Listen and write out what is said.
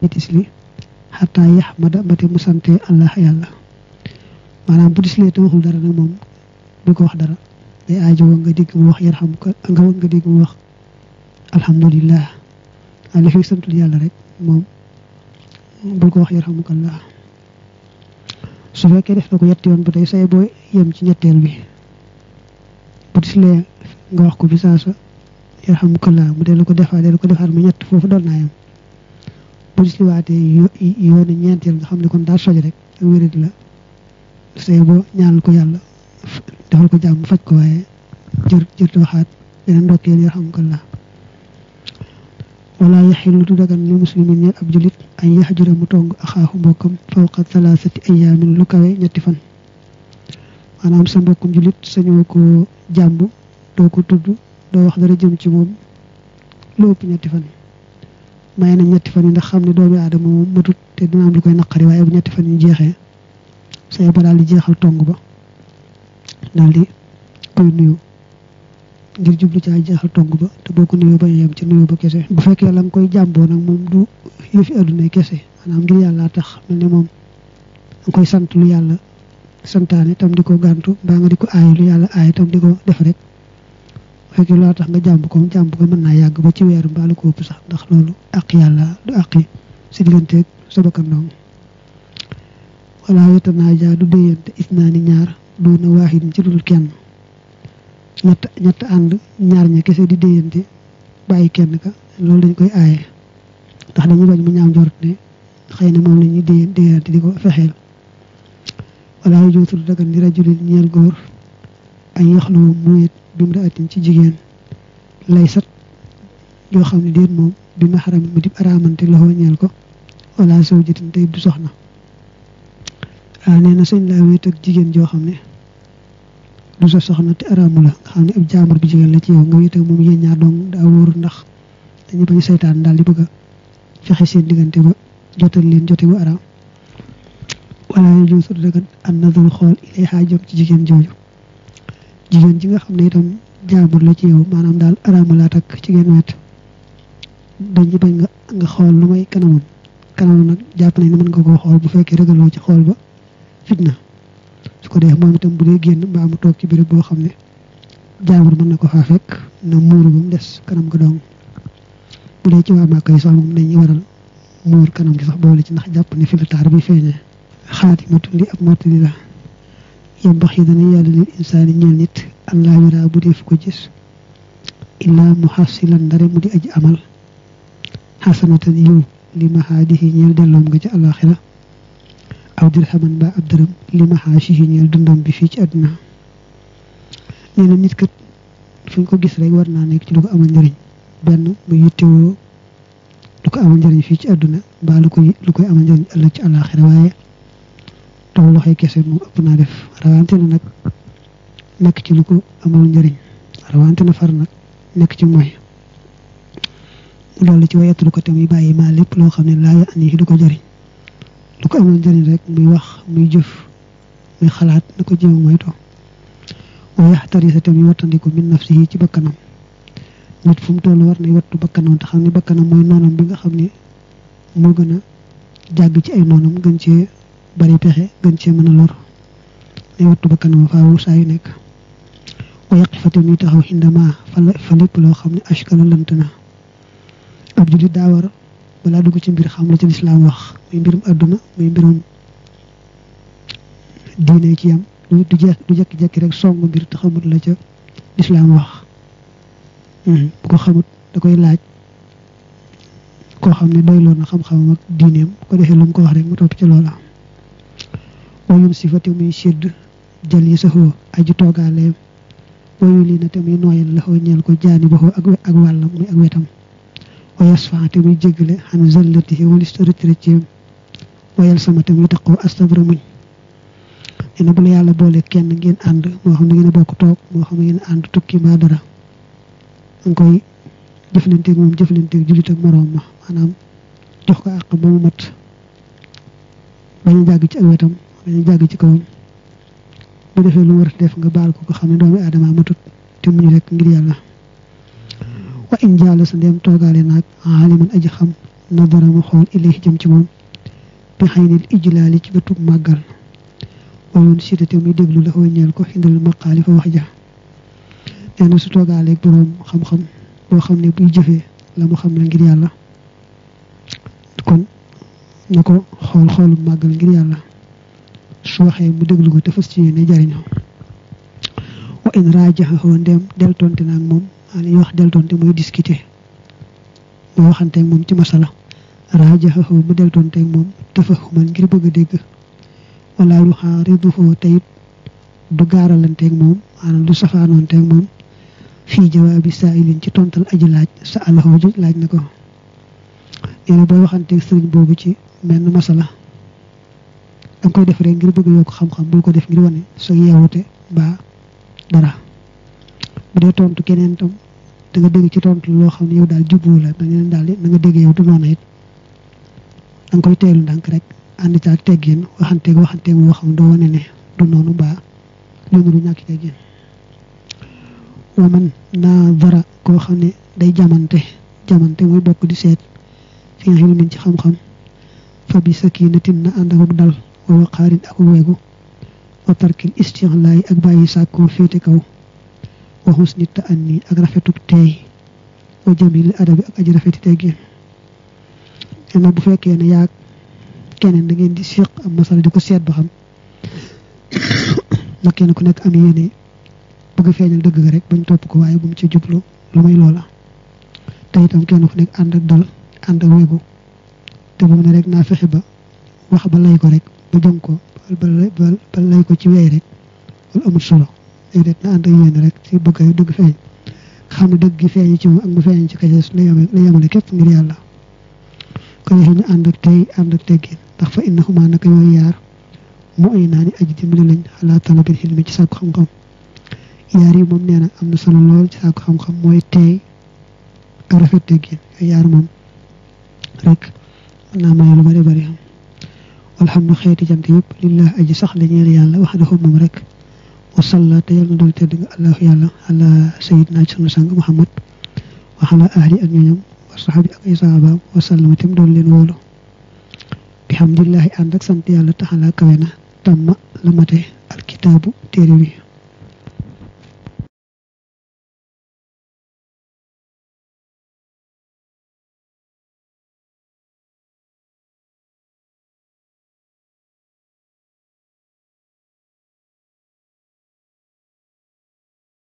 ñu tisli xataa yaxmada ba te mu sante allah maanaam bu tislee te waxul dara nag moom du ko wax dara day aajowoo nga dégg mu wax yarxam ko nga nga dégg mu wax alhamdulilah fi santul rek moom ko wax yarxamukallah su fekkee def na ko yetti yoon ba tey say boo yem ci ñetteel bi bu tislee nga wax ko bi saasa yarxamukallah mu dellu ko defaat dellu ko defaat mu ñett foofu dal naa yem bu siwaatee yoonu ñeenteel nga xam ne kon daa soj rek ak wéradi la sëy boo ñaanal ko yàlla defal ko jàmm faj ko waaye jër jërti waxaat dina ndokkeel yarhamukallah wala yaxilu du dagan li muslimin ñeel ab julit ay yaxjura mu tong axaaxu mbokkam fawqa thalathati ayaamin lu kawe ñetti fan maanaam sa mbokkum julit sañoo ko jàmb doo ko tudd doo wax dara jëm ci moom lu ëpp ñetti fan may nañ ñetti fan yi ndax xam ne doomi aadama moom matut te dina am lu koy naqari waaye bu ñetti fan yi jeexee say ba daal di jeexal tong ba daal di koy nuyu ngir ci ay jeexal tong ba te boo ko a yem ci nuyoo ba kese bu fekkee la nga koy jàmboo nag moom du yëfi adduna kese am ngir yàllaa tax mel ne moom nga koy sant lu yàlla santaane tam di ko gàntu mbaa nga di ko aay yàlla aay tam di ko def rek fekk loo tax nga jàmb ko jàmb ko mën naa yàgg ba ci weeru mbaalu ko sax ndax loolu àq yàlla du àqi si digganteeg sa bakkan dong wala yatanaaja du déyante isnaani ñaar doona waaxidin ci kenn ñett ñett ànd ñaar ña kese di déyante bàyyi kenn ka loolu dañ koy aay ndax dañuy bañ mu ñaam jort ne xëy na moom la ñuy déyante di ko fexeel wala yu jootul dagan ay yaxlawu mu wéet bi mu ra ci jigéen lay sat yoo xam ne déet moom bi maxaram mu dib araamante loxo ñeel ko wala sow jëtin tey du soxna waaw ah, nee na sañ laa wéet ak jigéen joo xam ne du sa soxna te araamu la xam ne ab jaamur bu jigéen la ci yow nga wéet moom yéen ñaar dong daa wóoru ndax dañu bañ saytaan daal di bëgg a fexe seen diggante ba jotal leen jote bu araam wala yu joosu dagan an nadaru ilay xaajam ci jigéen jooju jigéen ji nga xam ne itam jaabur la ci yow maanaam daal araama laa takk ci genn wet dañu bañ nga nga xool lu may kanamam kanamam nag jàpp nañ ne mën nga koo xool bu fekkee rek ragaloo ci xool ba fitna su ko dee moom itam bu dee génn mbaa mu toog ci béréb boo xam ne jaabur mën ne ko faa fekk na muuru ba mu des kanam ko dong bu dee ci waa Màkka yi sax moom dañuy waral muur kanam gi sax boole ci ndax jàpp ne fi la taar bi feeñee xaatimatu li ab mottali la yombax yi dana yàlla lil insaani ñeel nit allah wira bu def ko gis illaa mu xasilan ndare mu di aji amal xasanatan yiw li maxaadihi ñeel delloom nga ci àlaxira aw dirhaman ba ab dërëm li maxaasihi ñeel dundam bi fii ci àdduna nee na nit kat fu ko gis rek war naa nekk ci lu ko amal njëriñ benn mu yittewoo lu ko fii ci àdduna ba lu koy lu koy waaye tam loxoy kese moom ëpp naa def rawante na nag nekk ci lu ko amul njëriñ rawante na far nag nekk ci mooy mu dolli ci wayatulu ko te muy bàyyi maa lépp loo xam ne laa ya ani du ko jëriñ lu ko amul njëriñ rek muy wax muy jëf muy xalaat na ko jéem moytu wa yaxtarisa te muy wattandiku min nafsihi ci bakkanam nit fu mu toll war na wattu bakkanam te xam ne bakkanam mooy noonam bi nga xam ne moo gën jàgg ci ay noonam gën cee bari pexe gën cee mën a lor ne wattu ba kanam faawu saa yu nekk wa yaqifati muy taxaw xindama fa lépp loo xam ne ashkala lant na ab jullit daa war balaa dugg ci mbir xam la ci lislaam wax muy mbirum àdduna muy mbirum diine ci yam du du jekki-jekki rek song mbir te xamut la ca lislaam wax bu mhm, ko xamut da koy laaj koo xam ne doy loon na xam xam ak diineem ko defee lu mu ko wax rek mu topp ci loola wayum sifati muy sidd jëli saxoo lii na te ko jaani baxoo ak ak wàllam muy ak wetam wayas faate muy sama te muy taqoo astabra muñ nee na bu la yàlla boole kenn ngeen ànd moo xam ne ngeen toog moo xam ne ngeen ànd tukki mbaa dara nga koy jëflanteeg moom jëflanteeg jullit ak moroom ma jox ko àq mat bañ a wetam dañu jàgg ci kawam bu defee lu war def nga baal ko ko xam ne doomi aadama matut te muñu rek ngir yàlla hmm. wa in jaala sa ndeem toogaale naag aaliman aji xam nadara mu xool ilayhi jëm ci moom bi xëy nil ijlaali ci bëtub màggal wayoon sitaté muy déglu la wa ñeel ko xindal maqaali fa wax ja nee na su toogaaleeg boroom xam-xam boo xam ne buy jëfee la mu xam la ngir yàlla kon na ko xool xoolu màggal ngir yàlla su waxee mu déglu ko te fas ci yéene jariñoo wa in raajaxoo ndem del tonte naag moom li ñuy wax del tonte mooy discuter mooy waxanteeg moom ci masala raajaxoo mu del tonteeg moom tafahuman ngir bëgg a dégg wala lu xaariduhoo tayit du gaaralanteeg moom maanaam du safaanoonteeg moom fii jawaabi saa'ilin ci tontal aji laaj sa alahoo ji laaj na ko nee na booy waxanteeg sëriñ boobu ci menn masala da koy def rek ngir bëgg yokk xam-xam bul ko def ngir wane sa yeewute ba dara bu dee tontu keneen tam da nga dégg ci tontu loo xam ne yow daal jubbu la da daal na nga dégg yow du koy teelu ndànk rek ànd ca ak teggin waxanteeg waxanteeg woo xam ne doo wane ne du noonu ba lu mu du ñàkk teggin wa man naa dara koo xam ne day jamante jamante muy bokk di seet fi nga xam ne ci xam-xam fa bi sakinatin na ànd ak dal wa waqaarin ak wegu wa tarkil istixlaay ak bàyyi sàkkoo féete kaw wa xusni ta anni ak rafetuk teey wa jamil adabi ak aji rafeti teggin nag bu fekkee ne yaag keneen da ngeen di séq am masala di ko seet ba xam ma kenn ku nekk am yéene bëgg feeñal dëgg ga rek bañ topp ko waaye bu mu ci jublu lu may loola te itam kenn ku nekk ànd ak dal ànd ak wegu te bu mu rek naa fexe ba wax ba lay ko rek mu jëm ko bal bal lay ko ci wey rek loolu amul solo déedéet na ànd ak rek ci bëgg ay dëgg feeñ xam ne dëgg gi feeñ ci moom ak mu feeñ ci kajas la yemale la yemale képp ngir yàlla ko yéex ñu ànd ak tey ànd ak teggin ndax fa innahuma naka yooyu yaar mu ay naa ni aji dimbali lañ ala talabil xilmi ci sàkku xam-xam yaar yi moom nee na am na solo lool ci sàkku xam-xam mooy tey rafet teggin yooyu yaar moom rek mën naa may lu bari bari xam walxam na xeeti jant yëpp lillah aji sax la ñeel yàlla wax dafa moom rek wasalla te yàlla na dool tedd nga allahu yàlla ala sayidna ci sang muhammad waxala ahli ak ñooñam wa saxaabi ak ay saxaabaam wasallama tam dool leen woolu bi hamdulillahi ànd ak sant yàlla taxala kawe na tamma la alkitaabu téere